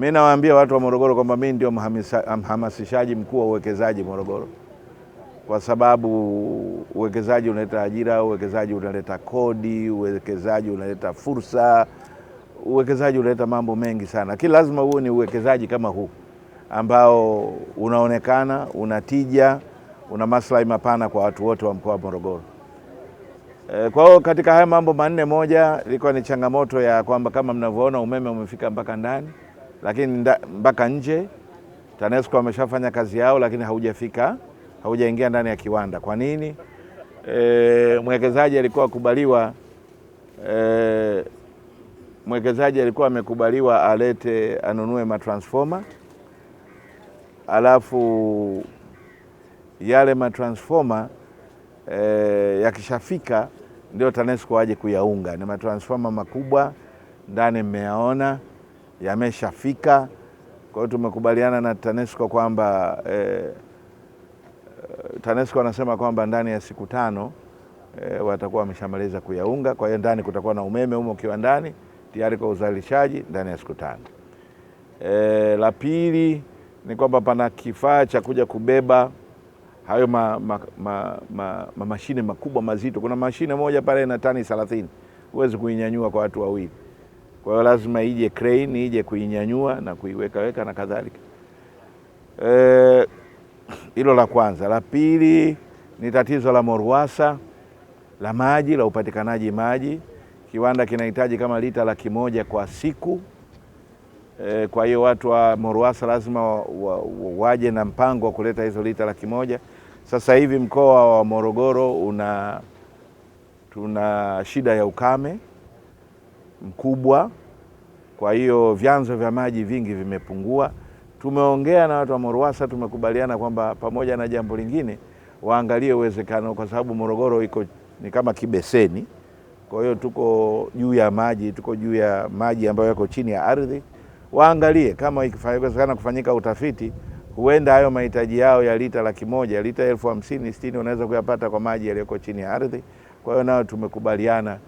Mi nawaambia watu wa Morogoro kwamba mi ndio mhamasishaji mkuu wa uwekezaji Morogoro, kwa sababu uwekezaji unaleta ajira, uwekezaji unaleta kodi, uwekezaji unaleta fursa, uwekezaji unaleta mambo mengi sana, lakini lazima huo ni uwekezaji kama huu ambao unaonekana una tija, una maslahi mapana kwa watu wote wa mkoa wa Morogoro. E, kwa hiyo katika haya mambo manne, moja ilikuwa ni changamoto ya kwamba kama mnavyoona umeme umefika mpaka ndani lakini mpaka nje TANESCO ameshafanya kazi yao, lakini haujafika haujaingia ndani ya kiwanda. Kwa nini? E, mwekezaji alikuwa kubaliwa e, mwekezaji alikuwa amekubaliwa alete anunue matransfoma alafu yale matransfoma e, yakishafika ndio TANESCO aje kuyaunga. Ni matransfoma makubwa ndani, mmeyaona yameshafika. Kwa hiyo tumekubaliana na TANESCO kwamba e, TANESCO wanasema kwamba ndani ya siku tano e, watakuwa wameshamaliza kuyaunga. Kwa hiyo ndani kutakuwa na umeme humo kiwandani tayari kwa uzalishaji ndani ya siku tano. E, la pili ni kwamba pana kifaa cha kuja kubeba hayo ma, ma, ma, ma, ma mashine makubwa mazito. Kuna mashine moja pale ina tani thelathini huwezi kuinyanyua kwa watu wawili. Kwa hiyo lazima ije crane ije kuinyanyua na kuiwekaweka na kadhalika. Eh, hilo e, la kwanza. La pili ni tatizo la MORUWASA la maji, la upatikanaji maji. Kiwanda kinahitaji kama lita laki moja kwa siku e, kwa hiyo watu wa MORUWASA lazima waje wa, waje na mpango wa kuleta hizo lita laki moja. Sasa hivi mkoa wa Morogoro una tuna shida ya ukame mkubwa, kwa hiyo vyanzo vya maji vingi vimepungua. Tumeongea na watu wa MORUWASA, tumekubaliana kwamba pamoja na jambo lingine waangalie uwezekano, kwa sababu Morogoro iko ni kama kibeseni. Kwa hiyo tuko juu ya maji, tuko juu ya maji ambayo yako chini ya ardhi. Waangalie kama ikiwezekana kufanyika utafiti, huenda hayo mahitaji yao ya lita laki moja, lita elfu hamsini sitini, unaweza kuyapata kwa maji yaliyoko chini ya ardhi. Kwa hiyo nayo tumekubaliana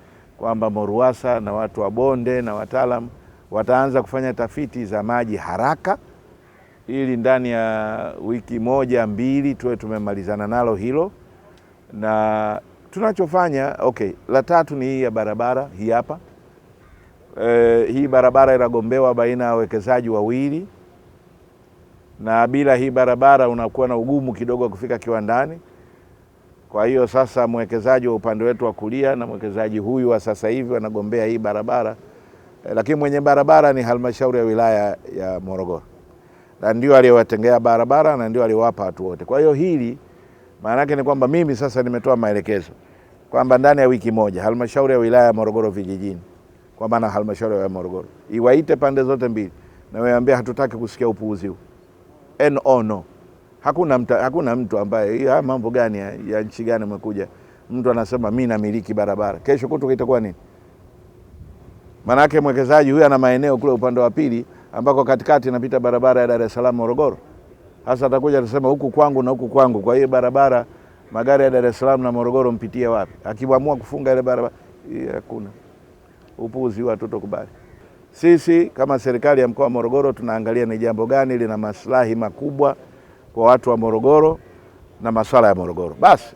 kwamba MORUWASA na watu wa bonde na wataalam wataanza kufanya tafiti za maji haraka ili ndani ya wiki moja mbili tuwe tumemalizana nalo hilo. Na tunachofanya okay, la tatu ni hii ya barabara hii hapa e, hii barabara inagombewa baina ya wawekezaji wawili, na bila hii barabara unakuwa na ugumu kidogo wa kufika kiwandani. Kwa hiyo sasa mwekezaji wa upande wetu wa kulia na mwekezaji huyu wa sasa hivi wanagombea hii barabara eh, lakini mwenye barabara ni halmashauri ya wilaya ya Morogoro na ndio aliyowatengea barabara na ndio aliwapa watu wote. Kwa hiyo hili maana yake ni kwamba mimi sasa nimetoa maelekezo kwamba ndani ya wiki moja halmashauri ya wilaya ya Morogoro vijijini, kwa maana halmashauri ya Morogoro iwaite pande zote mbili na waambie hatutaki kusikia upuuzi huu. No, no hakuna, mta, hakuna mtu ambaye haya mambo gani ya, ya nchi gani umekuja mtu anasema mi namiliki barabara, kesho kutu itakuwa nini? Maanake mwekezaji huyu ana maeneo kule upande wa pili ambako katikati inapita barabara ya Dar es Salaam Morogoro. Hasa atakuja atasema huku kwangu na huku kwangu, kwa hiyo barabara magari ya Dar es Salaam na Morogoro mpitie wapi? Akiamua kufunga ile barabara, hakuna upuzi, watoto kubali. Sisi kama serikali ya mkoa wa Morogoro tunaangalia ni jambo gani lina maslahi makubwa kwa watu wa Morogoro na masuala ya Morogoro basi.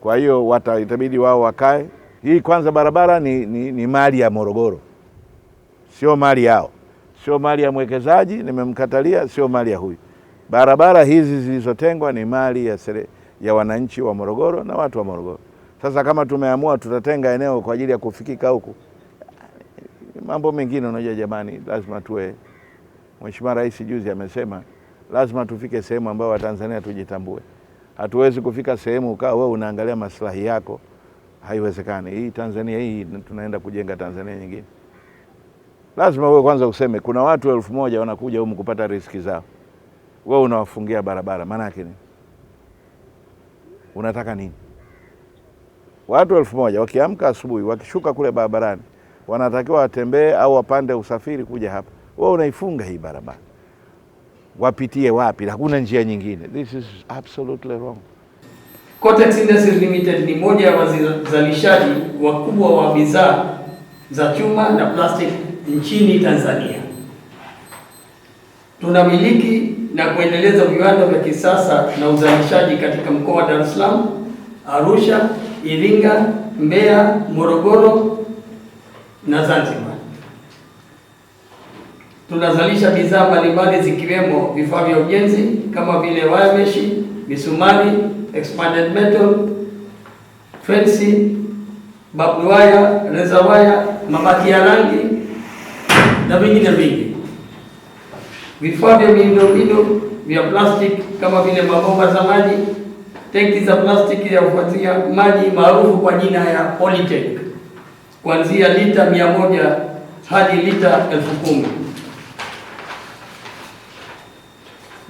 Kwa hiyo watabidi wao wakae hii kwanza. Barabara ni, ni, ni mali ya Morogoro, sio mali yao, sio mali ya mwekezaji, nimemkatalia, sio mali ya huyu. Barabara hizi zilizotengwa ni mali ya, sere, ya wananchi wa Morogoro na watu wa Morogoro. Sasa kama tumeamua tutatenga eneo kwa ajili ya kufikika huku, mambo mengine unajua jamani, lazima tuwe. Mheshimiwa Rais juzi amesema lazima tufike sehemu ambayo Watanzania tujitambue. Hatuwezi kufika sehemu ukawa wewe unaangalia maslahi yako, haiwezekani. Hii Tanzania hii tunaenda kujenga Tanzania nyingine, lazima wewe kwanza useme kuna watu elfu moja wanakuja humu kupata riziki zao, wewe unawafungia barabara, maana yake nini? unataka nini? Watu elfu moja wakiamka asubuhi, wakishuka kule barabarani, wanatakiwa watembee au wapande usafiri kuja hapa, wewe unaifunga hii barabara wapitie wapi? Hakuna njia nyingine. This is absolutely wrong. Kotex Industries Limited ni moja ya wazalishaji wakubwa wa bidhaa za chuma na plastic nchini Tanzania. Tunamiliki na kuendeleza viwanda vya kisasa na uzalishaji katika mkoa wa Dar es Salaam, Arusha, Iringa, Mbeya, Morogoro na Zanzibar tunazalisha bidhaa mbalimbali zikiwemo vifaa vya ujenzi kama vile waya meshi, misumari, expanded metal, fensi, barbed wire, razor wire, mabati ya rangi na vingine vingi. Vifaa vya miundombinu vya plastic kama vile mabomba za maji, tenki za plastiki ya kufuatia maji maarufu kwa jina ya Polytank kuanzia lita mia moja hadi lita elfu kumi.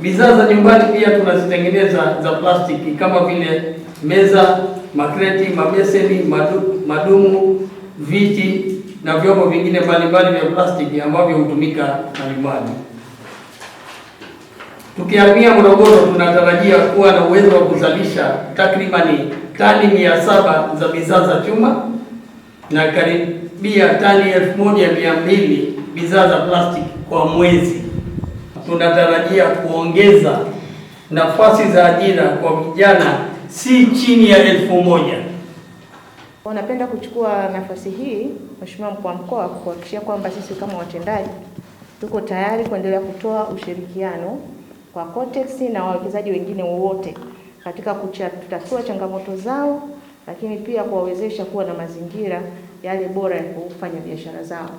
Bidhaa za nyumbani pia tunazitengeneza za plastiki kama vile meza, makreti, mabeseni, madu, madumu, viti na vyombo vingine mbalimbali vya plastiki ambavyo hutumika nyumbani. Tukiamia Morogoro, tunatarajia kuwa na uwezo wa kuzalisha takribani tani mia saba za bidhaa za chuma na karibia tani elfu moja mia mbili bidhaa za plastiki kwa mwezi tunatarajia kuongeza nafasi za ajira kwa vijana si chini ya elfu moja. Wanapenda kuchukua nafasi hii, Mheshimiwa Mkuu wa Mkoa, kuhakikishia kwamba sisi kama watendaji tuko tayari kuendelea kutoa ushirikiano kwa Cotex na wawekezaji wengine wote katika kutatua changamoto zao, lakini pia kuwawezesha kuwa na mazingira yale bora ya kufanya biashara zao.